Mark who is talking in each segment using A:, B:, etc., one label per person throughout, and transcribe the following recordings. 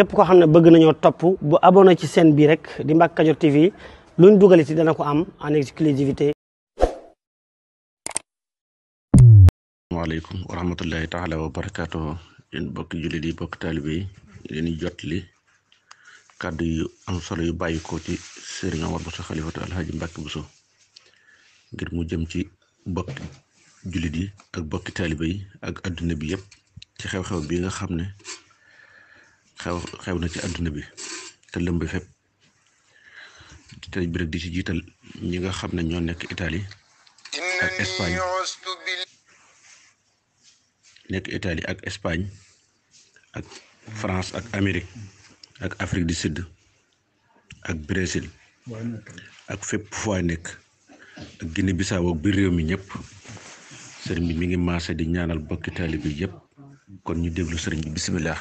A: képp koo xam ne bëgg nañoo topp bu abonné ci seen bii rek di Mbacke Kadior TV luñ dugal ci dana ko am en exclusivité asalaamaaleykum wa bokk yi bokk taalibe yi leen kàddu am solo yu bàyyi ko ci Serigne bu Bousso xalifatu Alhaji Mbacke Bousso ngir mu jëm ci bokk jullit yi ak bokki taalibe yi ak adduna bi yëpp ci xew-xew bi nga xam ne xew xew na ci àdduna bi te lëmb fépp tey di ci jiital ñi nga xam ne ñoo nekk itali ak Espagne ak Espagne ak France ak Amérique ak Afrique du Sud ak Brésil ak fépp foo nekk ak Guinée Bissau bi réew mi ñëpp sëriñ bi mu ngi maase di ñaanal bokki taalibe bi yëpp kon ñu déglu sëriñ bi bisimilah.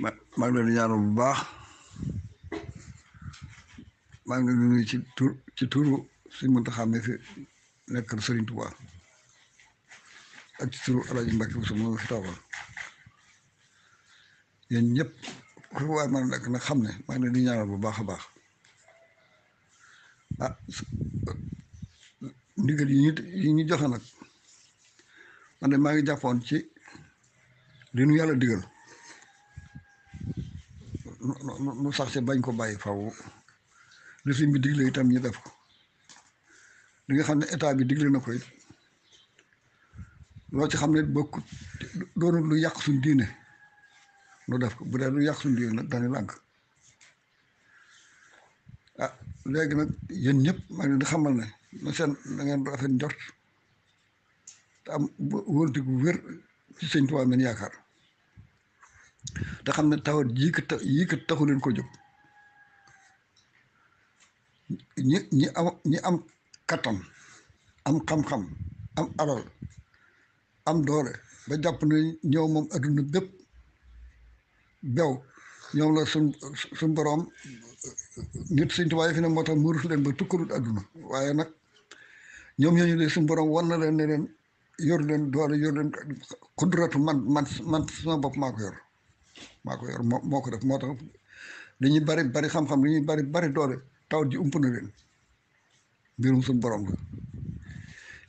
A: maa ngi leen di ñaanal bu baax maa ngi leen di ci tur ci turu suñ Muntaxa mi fi nekkal Sëriñ Tuba ak ci turu Alaaji Mbàkke Buso moom fi tawal yéen ñëpp ku waay man nekk nag xam ne maa ngi leen bu baax a baax ah ndigal yi ñu yi ñu joxe nag man de maa ngi jàppoon ci li nu yàlla digal nu sax si bañ ko bàyyi faw li sëñ bi digle itam ñu def ko li nga xam ne état bi digle na ko it loo ci xam ne bokk doonul lu yàq suñ diine nu def ko bu dee lu yàq suñ diine nag dañu lànk ah léegi nag yéen ñëpp maa ngi leen di xamal ne na seen na ngeen rafet njort te am wóorante gu wér ci sëñ Tuubaa men yaakaar te xam ne tawat yii kat yii leen ko jóg ñi ñi am ñi am kattan am xam-xam am alal am doole ba jàpp ne ñëw moom adduna bépp bew ñoom la suñ suñ boroom nit sëñ Tuubaa yi fi ne moo tax mu leen ba tukkarut adduna waaye nag ñoom ñooñu de suñ boroom war na leen ne leen yor leen doole yor leen kudratu man man man sama bopp maa ko yor maa ko yor moo ko def moo tax li bari bari xam-xam li ñuy bari bari doole taw ji ump na leen mbirum suñu borom la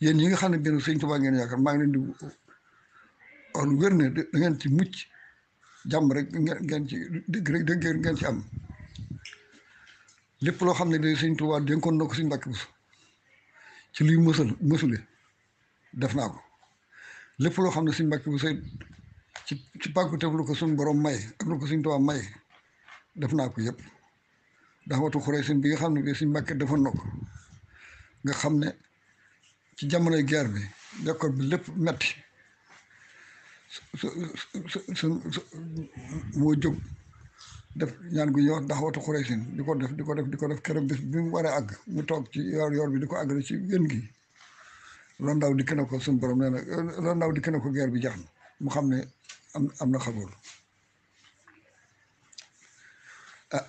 A: yéen ñi nga xam ne mbirum Sëñ Tuubaa ngeen yaakaar maa ngi leen di on wér ne dangeen ci mucc jàmm rek ngeen ci dégg rek dégg ngeen ci am lépp loo xam ne day Sëñ Tuubaa dénkoon na ko suñu mbàkk ci luy mësul mësule def naa ko lépp loo xam ne suñ mbàkk bu sëy ci ci pàkku tef lu ko suñ borom may ak lu ko suñ tubaab may def naa ko yëpp ndax watu xuree suñ bi nga xam ne bi suñ mbàkk defoon na ko nga xam ne ci jamonoy guerre bi jokkoor bi lépp metti su su su moo jóg def ñaan gu ñëw ndax watu xuree suñ di ko def di ko def di ko def keroog bis bi mu waree àgg mu toog ci yoor yoor bi di ko àgg ci gën gi loolu ndaw dikk na ko suñu borom ndaw dikk na ko guerre bi jeex na mu xam ne am am na xabool ah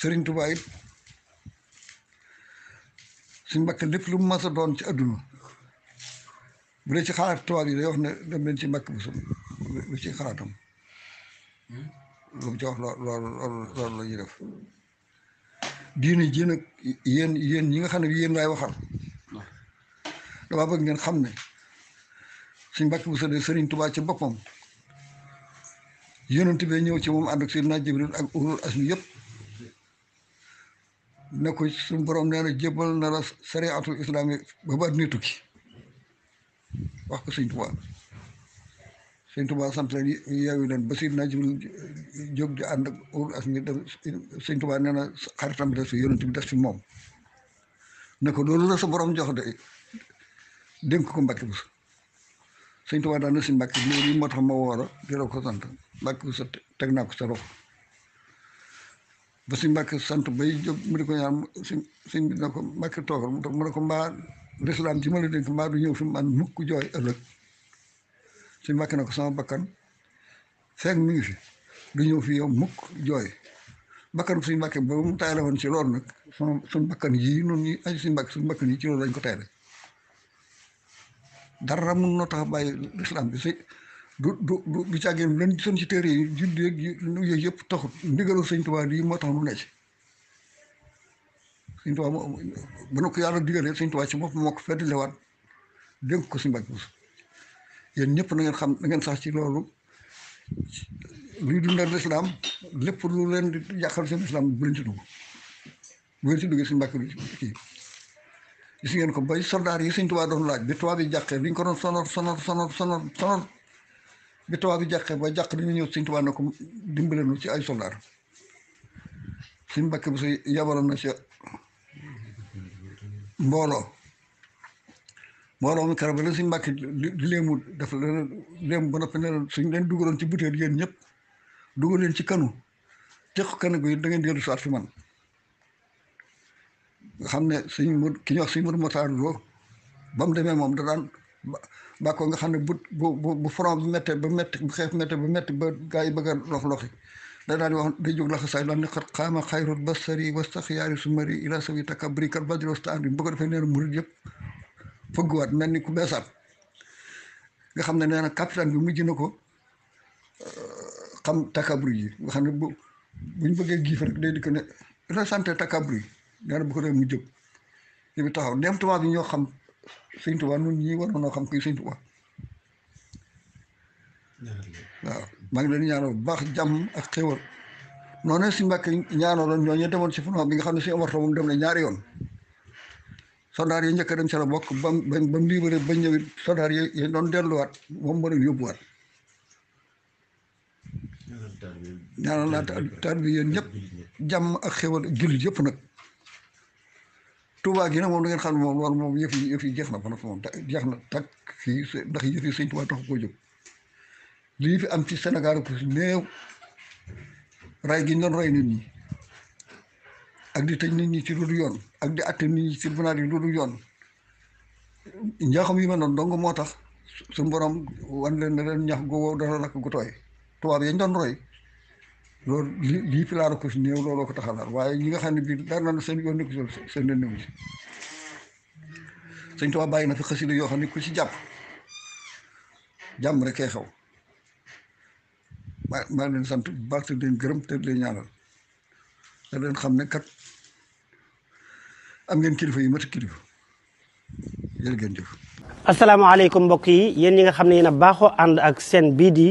A: sëriñ Tuubaa it suñ mbàkk lépp lu mu mas a doon ci adduna bu dee ci xalaat tubaab yi day wax ne dem leen ci mbàkk bu sum lu ci xalaatam lu ci wax lool loolu la ñuy def diine ji yen yéen yéen ñi nga xam ne yéen laay waxal damaa bëgg ngeen xam ne suñ mbàkk bu sëddee sëriñ tubaa ci boppam yonent bi ñëw ci moom ànd ak Seydina Jibril ak ulul asmi yëpp ne ko suñ borom nee na jébal na la sariatul islami ba ba ni tukki wax ko sëñ tubaa sëñ tubaa sant leen yeewu leen ba Seydina Jibril jóg di ànd ak ulul def sëñ moom ne ko loolu la sa borom jox de dénk ko Mbàkke Buso sëñ Tuubaa daal na sëñ Mbàkke lii moo tax ma woor a teg naa ko sa rob ba sëñ Mbàkke sant bay jóg mu di ko ñaan sëñ sëñ ko Mbàkke toogal mu tax ne ko mbaa lislaam ci ma la dénk mbaa du ñëw fi man mukk jooy ëllëg sëñ Mbàkke na ko sama bakkan feeg mi fi du ñëw fi yow mukk jooy bakkan suñu Mbàkke ba mu tayle woon ci loolu nag sama suñu bakkan yii noonu ñi ay suñu Mbàkke suñu bakkan ci loolu lañ ko tayle dara mun noo tax bàyyi lislaam bi si du du du du càggeen leen gisoon ci téere yi judd yeeg yooyu yëpp taxut ndigalu sëñ Tuubaa yi moo tax nu ne ci sëñ Tuubaa moo bu nu ko yàlla digalee sëñ Tuubaa ci boppam moo ko fedd lewaat dénk ko si mbàkk bu yéen ñëpp na ngeen xam na sax ci loolu luy dundal lislaam lépp lu leen di yàqal seen lislaam bu leen ci dugg ci duggee si mbàkk bi kii gis ngeen ko bay soldaar yi suñ tubaab doon laaj bi tubaab bi jàqee liñ ko doon sonor sonor sonor bi tubaab bi jàqee ba jàq dañu ñëw suñ tubaab ne ko dimbalenu ci ay soldaar suñ mbàkke bu si yabaloon na ci mbooloo mbooloo mi karab la suñ mbàkke di léemu daf leen ba noppi ne suñ leen dugaloon ci butéel yéen ñëpp dugal leen ci kanu teq kanu gi da ngeen di dellu si man nga xam ne suñ mu ki ñuy wax suñ mën motaar loo ba mu demee moom da daan bàkkoo nga xam ne bu bu bu front bu méttee ba métti bu xeef méttee ba métti ba gaa yi bëgg a lox loxi daan wax day jóg laxa saay daan ne xat xaama xayrul basari wastaxiyaari sumari ila sawi takabri kal badri wastaan bi bu ko defee nee na murid yëpp fëgguwaat mel ni ku beesaat nga xam ne nee na capitaine bi mujj na ko euh, xam takabri yi nga xam ne bu buñ bëggee giif rek day di ko ne ila santé takabri nee na bu ko def mu taxaw ndem tubaab ñoo xam sëñ tubaab ñun ñii xam kuy sëñ maa ngi leen di bu baax jàmm ak xéwal noonu si mbàkk ñaanoo loon ñoo ñu demoon si funa bi nga xam ne si amarta moom dem na ñaari yoon soldaar yi njëkk dem si la bokk ba ba mu libéré ba ñëwit soldaar yi yi doon delluwaat moom moo leen yóbbuwaat ñaanal naa taal bi yéen ñëpp jàmm ak xéwal jullit yëpp nag Touba gi nag moom da ngeen xam moom loolu moom yëf yi yëf yi jeex na ba moom jeex na takk fii ndax yëf yi sëñ Touba tax koo jóg lii fi am ci Sénégal ku ray gi ñu doon ray ñi ak di tëj nit ñi ci lu du yoon ak di atte nit ñi ci bunaat yi lu du yoon njaaxum yi ma doon dong moo tax suñu borom wan leen ne leen ñax gu wow dara lakk gu tooy tubaab yañ doon roy loolu li ko si néew looloo ko taxalaat waaye ñi nga xam ne bii dara na seen yoon nekk si seen leen si sëñ Tuubaa bàyyi na fi xasida yoo xam ne ku si jàpp jàmm rek kay xaw maa maa leen sant bu baax te leen gërëm te leen ñaanal te leen xam ne kat am ngeen kilifa yu mati kilifa jërë ngeen jëf asalaamaaleykum mbokk yi yéen ñi nga xam ne yéen a baaxoo ànd ak seen bii di